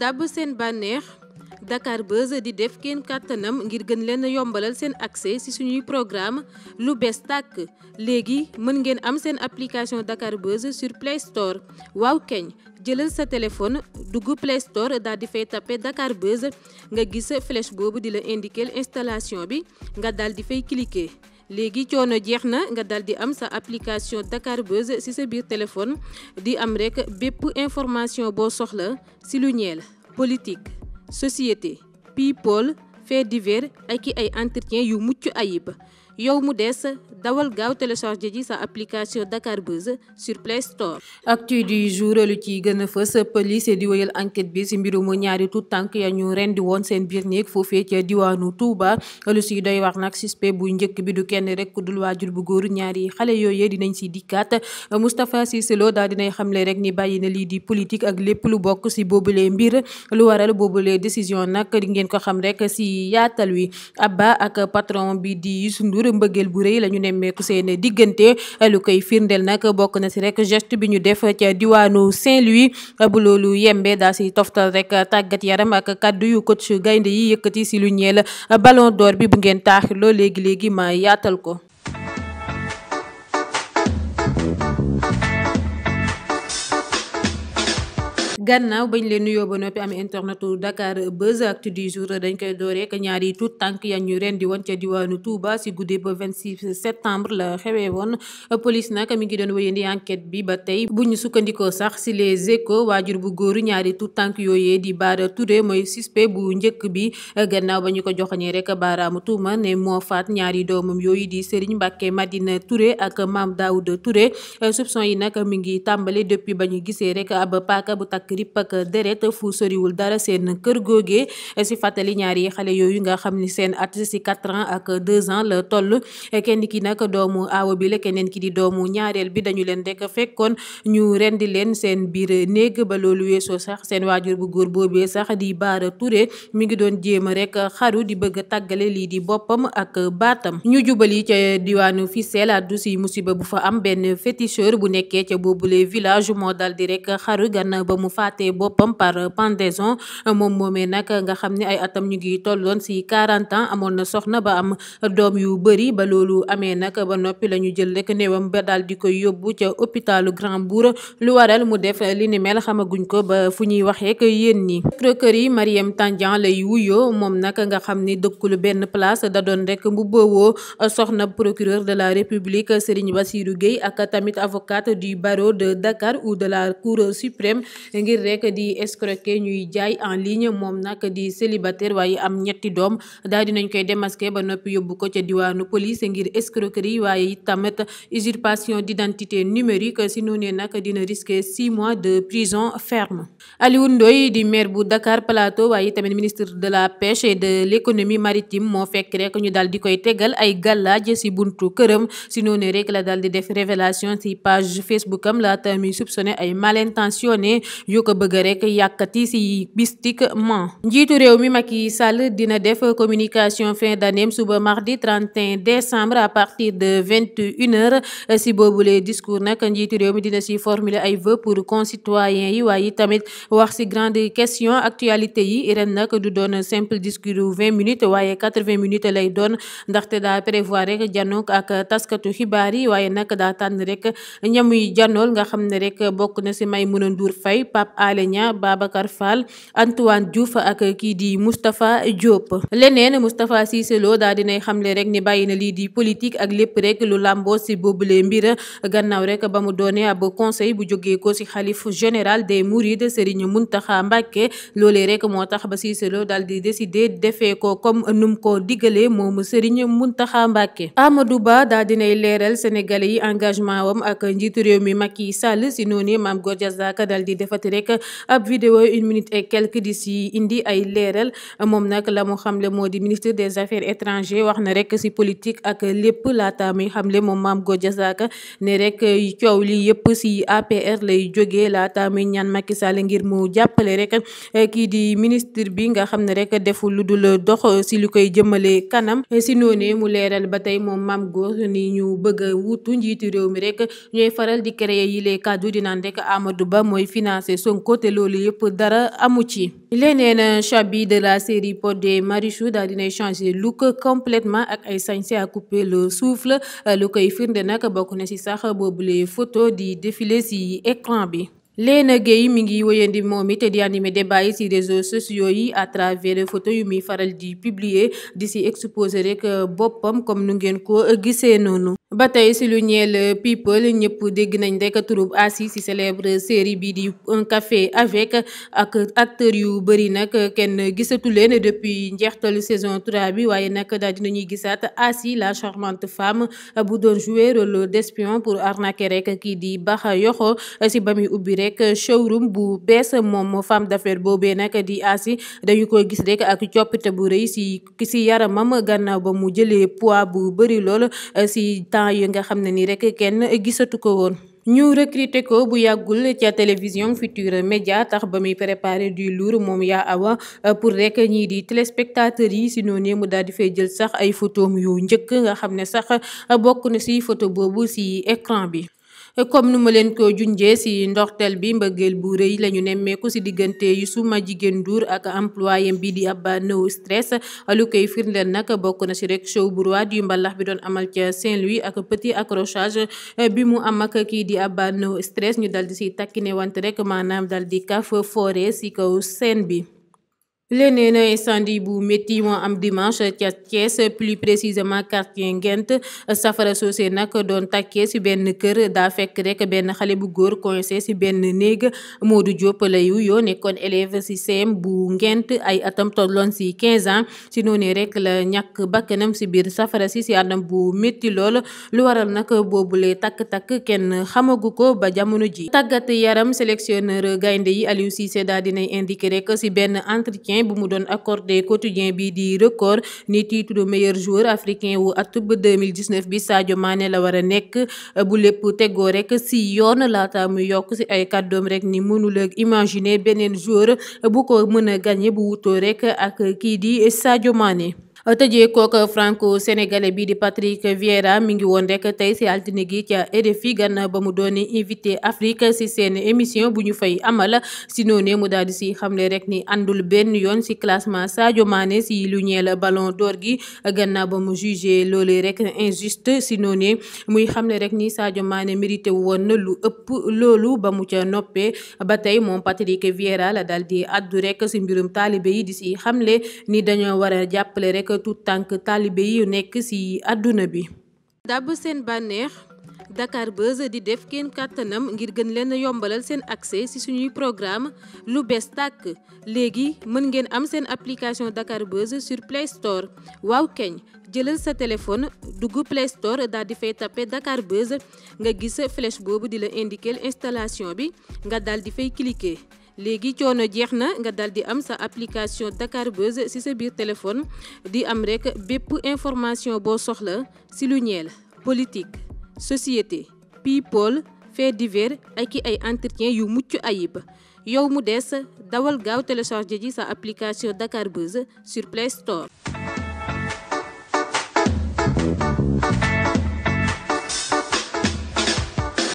dàbb seen bànneex Dakar Buzz di def kenn kàttanam ngir gën leen yombalal seen accès ci suñuy programme lu bees tàkk léegi mën ngeen am seen application Dakar Buzz sur Play Store waaw keñ jëlal sa téléphone dugg Play Store daal di fay tapé Dakar Buzz nga gis flèche boobu di la indiquer installation bi nga daal di fay cliquer. léegi coono jeex na nga dal di am sa application Dakar ci sa biir téléphone di am rekk bépp information boo soxla ci lu ñeel politique société people faits divers ak i ay entretien yu mucc ayib yow mu des dawal gaaw télécharge ji sa application Dakar Buzz sur Play Store. actu du jour lu ci gën fës police di wéyal bi si mbirum ñaari tout tànk ya ñu rendi woon seen biir néeg foofee ca diwaanu Touba lu si doy wax nag suspect bu njëkk bi du kenn rek dul waajur bu góor ñaari xale yooyee dinañ si dikkaat Moustapha Cissé Lo daal dinay xamle rek ni bàyyi na lii di politique ak lépp lu bokk si boobule mbir lu waral boobule décision nag di ngeen ko xam ngir mbëggeel bu rëy la ñu nemmeeku seen diggante lu koy firndeel nag bokk na si rek geste bi ñu def ca diwaanu Saint-Louis bu loolu yembe daa si toftal rek tàggat yaram ak kàddu yu coach gaynde yi yëkkati si lu a ballon d'or bi bu ngeen taaxirloo léegi-léegi ma yaatal ko gannaaw bañ leen nuyoo ba noppi am internetu Dakar Buzz actu du jour dañ koy dooree ñaari tuut tànk ya ñu ren di woon ca diwaanu Touba si guddi ba 26 septembre la xewee woon police nag mi ngi doon wéyandi enquête bi ba tey bu ñu sukkandikoo sax si les échos waajur bu góor ñaari tuut tànk yooyee di Bara Touré mooy suspect bu njëkk bi gannaaw ba ñu ko joxañee rek baaraamu tuuma ne moo faat ñaari doomam yooyu di Serigne Mbacké Madina Touré ak Mame Daouda Touré soupçon yi nag mi ngi tàmbali depuis ba ñu gisee rek ab paaka bu ak rip ak deret fu soriwul dara seen kër googee si fàttali yi xale yooyu nga xam ni seen at si quatre ans ak deux ans la toll kenn ki nag doomu aawa bi la keneen ki di doomu ñaareel bi dañu leen rek fekkoon ñu rendi leen seen biir néeg ba loolu weesoo sax seen waajur bu góor boobee sax di Baara Touré mu ngi doon jéem rek xaru di bëgg a tàggale lii di boppam ak baatam ñu jubali ca diwaanu Fissel addu si musiba bu fa am benn féticheur bu nekkee ca boobule village moo dal faatee boppam par pendaison moom moomee nag nga xam ne ay atam ñu ngi tolloon si 40 ans amoon na soxna ba am doom yu bëri ba loolu amee nag ba noppi la ñu jël rek néewam ba daal di koy yóbbu ca hôpitalu Grand Bourg lu waral mu def li ni mel xamaguñ ko ba fu ñuy waxee ak yéen ñi. procureur yi Mariam Tandian lay wuyoo moom nag nga xam ni dëkkul benn place da doon rek mu booboo soxna procureur de la République Serigne Bassirou Gueye ak tamit avocate du barreau de Dakar ngir rek di escroquer ñuy jaay en ligne moom nag di célibataire waaye am ñetti doom daal dinañ koy démasquer ba noppi yóbbu ko ca diwaanu police ngir escroquerie waaye tamit usurpation d'identité numérique si noonee nag dina risquer six mois de prison ferme. Alioune Ndoye di maire bu Dakar Plateau waaye tamit ministre de la pêche et de l'économie maritime moo fekk rek ñu daal di koy tegal ay gàllaaj si buntu këram si noone rek la daal di def révélation si page yu ko bëgg rek yàkkati si mystiquement. njiitu réew mi Macky Sall dina def communication fin d'année suba mardi 31 décembre à partir de 21 heures si boobule discours nag njiitu réew mi dina si formuler ay vœux pour concitoyens yi waaye tamit wax si grande question actualité yi ren nag du doon simple discours 20 minutes waaye 80 minutes lay doon ndaxte daa prévoir rek janook ak taskatu xibaar yi waaye nag daa tànn rek ñamuy janool nga xam ne rek Pape Alé Niang Babacar Fall Antoine Diouf ak kii di Moustapha Diop. leneen Moustapha Cissé Lo nay dinay xamle rek ni bàyyi na lii di politique ak lépp rek lu làmboo si boobule mbir gannaaw rek ba mu doone ab conseil bu jógee ko si xalif général de Mourides Serigne Mountakha Mbacké loolee rek moo tax ba siselo Lo daal di décider defee ko comme num ko digalee moomu Serigne Mountakha Mbacké. Amadou Ba daa leeral sénégalais yi engagement wam ak njiitu réew mi Macky Sall si noonu rek ab vidéo une minute et quelques di si indi ay leeral moom nag la mu xamle moo di ministre des affaires étrangères wax na rek si politique ak lépp laata muy xamle moom Mame Gor Diazaka ne rek coow li yëpp si APR lay jógee laata muy ñaan Macky Sall ngir mu jàppale rek kii di ministre bi nga xam ne rek deful lu dul dox si lu koy jëmale kanam si noonee mu leeral ba tey moom maam Gor ni ñu bëgg a wuutu njiitu réew mi rek ñooy faral di créer yi les kaddu di naan rek Ba mooy financé Sonko te loolu yëpp dara amu ci. leneen chabi de la série Pod et Marichou daal dinay changé look complètement ak ay sañse à couper le souffle lu koy firnde nag bokk na ci sax boobule photo di défilé ci écran bi. Léna Gueye mi ngi wéyandi moom it di animé débat yi ci réseaux sociaux yi à travers photo yu muy faral di publier di ci exposé rek boppam comme nu ngeen ko gisee noonu. ba tey si lu ñeel euh, people ñëpp dégg nañ rek turub Asi si célèbre série bii di un café avec ak acteurs yu bëri nag kenn gisatu leen depuis njeextalu saison 3 bi waaye nag daal dinañuy gisaat Asi la charmante femme bu doon jouer rôle d'espion pour arnaquer rek kii di Baxa Yoxo si ba muy ubbi rek showroom bu bees moom femme d'affaires boobee nag di Asi dañu ko gis rek ak coppite bu rëy si si yaramam gannaaw ba mu jëlee poids bu bëri lool si temps yi nga xam ne nii rek kenn gisatu ko woon. ñu recruté ko bu yàggul ca télévision Futurs média tax ba muy préparé du lourd moom yaa awa euh, pour rekk ñii di téléspectateurs yi si noonu mu daal di fay jël sax ay photos yu njëkk nga xam ne sax euh, bokk na si photo boobu si écran bi. comme nu ma leen ko junjee si ndoxteel bi mbëggeel bu rëy la ñu nemmeeku si diggante yi Youssouma Jigéen Ndour ak employé bi di Abba No Stress lu koy nak nag bokk na si rek show bu roi du mbalax bi doon amal ca Saint-Louis ak petit accrochage eh, bi mu am ak kii di Abba No Stress ñu dal di si ne want rek maanaam dal di kaf foore si kaw seen bi leneen incendie bu métti moo am dimanche ca Thiès plus précisément quartier Ngent safara soosé nag doon takkee si benn kër daa fekk rek benn xale bu góor coincé si benn néeg moo du joppale yu yoo nekkoon élève si CEM bu Ngent ay atam tolloon si 15 ans si noonu rek la ñàkk bakkanam si biir safara si si anam bu métti lool lu waral nag boobule takk-takk kenn xamagu ko ba jamono ji tàggat yaram sélectionneur gaynde yi Aliou Cissé daa dinay indiqué rek si benn entretien quotidien mu doon accordé quotidien bi di record ni titre de meilleur joueur africain wu at mille atub 2019 bi Sadio Mané la war a nekk bu lépp tegoo rek si yoon laata mu yokk si ay kaddoom rek ni mënul imaginer beneen jour bu ko mën a gagné bu wutoo rek ak kii di Sadio Mané Euh, tëjee kook euh, franco sénégalais bi di Patrick Vieira mi ngi woon rek tey si altine gi ca RFI gànnaaw ba mu doon invité Afrique si seen émission bu ñu fay amal si noonee mu daal di si xamle rek ni àndul benn yoon si classement Sadio Mané si lu ñeel ballon door gi gànnaaw ba mu jugé loolee rek injuste si noonee muy xamle rek ni Sadio Mané mérité woon na lu ëpp loolu ba mu ca noppee ba tey moom Patrick Vieira la daal di addu rek si mbirum taalibe yi di ni dañoo war jàppale rek ak tout tànk taalibe yu nekk ci àdduna bi. dàbb seen bànneex Dakar Buzz di def kenn kàttanam ngir gën leen yombalal seen accès ci suñuy programme lu bees tàkk léegi mën ngeen am seen application Dakar Buzz sur Play Store waaw keñ jëlal sa téléphone dugg Play Store daal di fay tapé Dakar Buzz nga gis flèche boobu di la indiquer installation bi nga daal di fay cliquer. léegi coono jeex na nga dal di am sa application Dakar Buzz ci sa biir téléphone di am rekk bépp information boo soxla ci lu ñeel politique société people faits divers ak i ay entretien yu mucc ayib yow mu des dawal gaaw télécharger ji sa application Dakar Buzz sur Play Store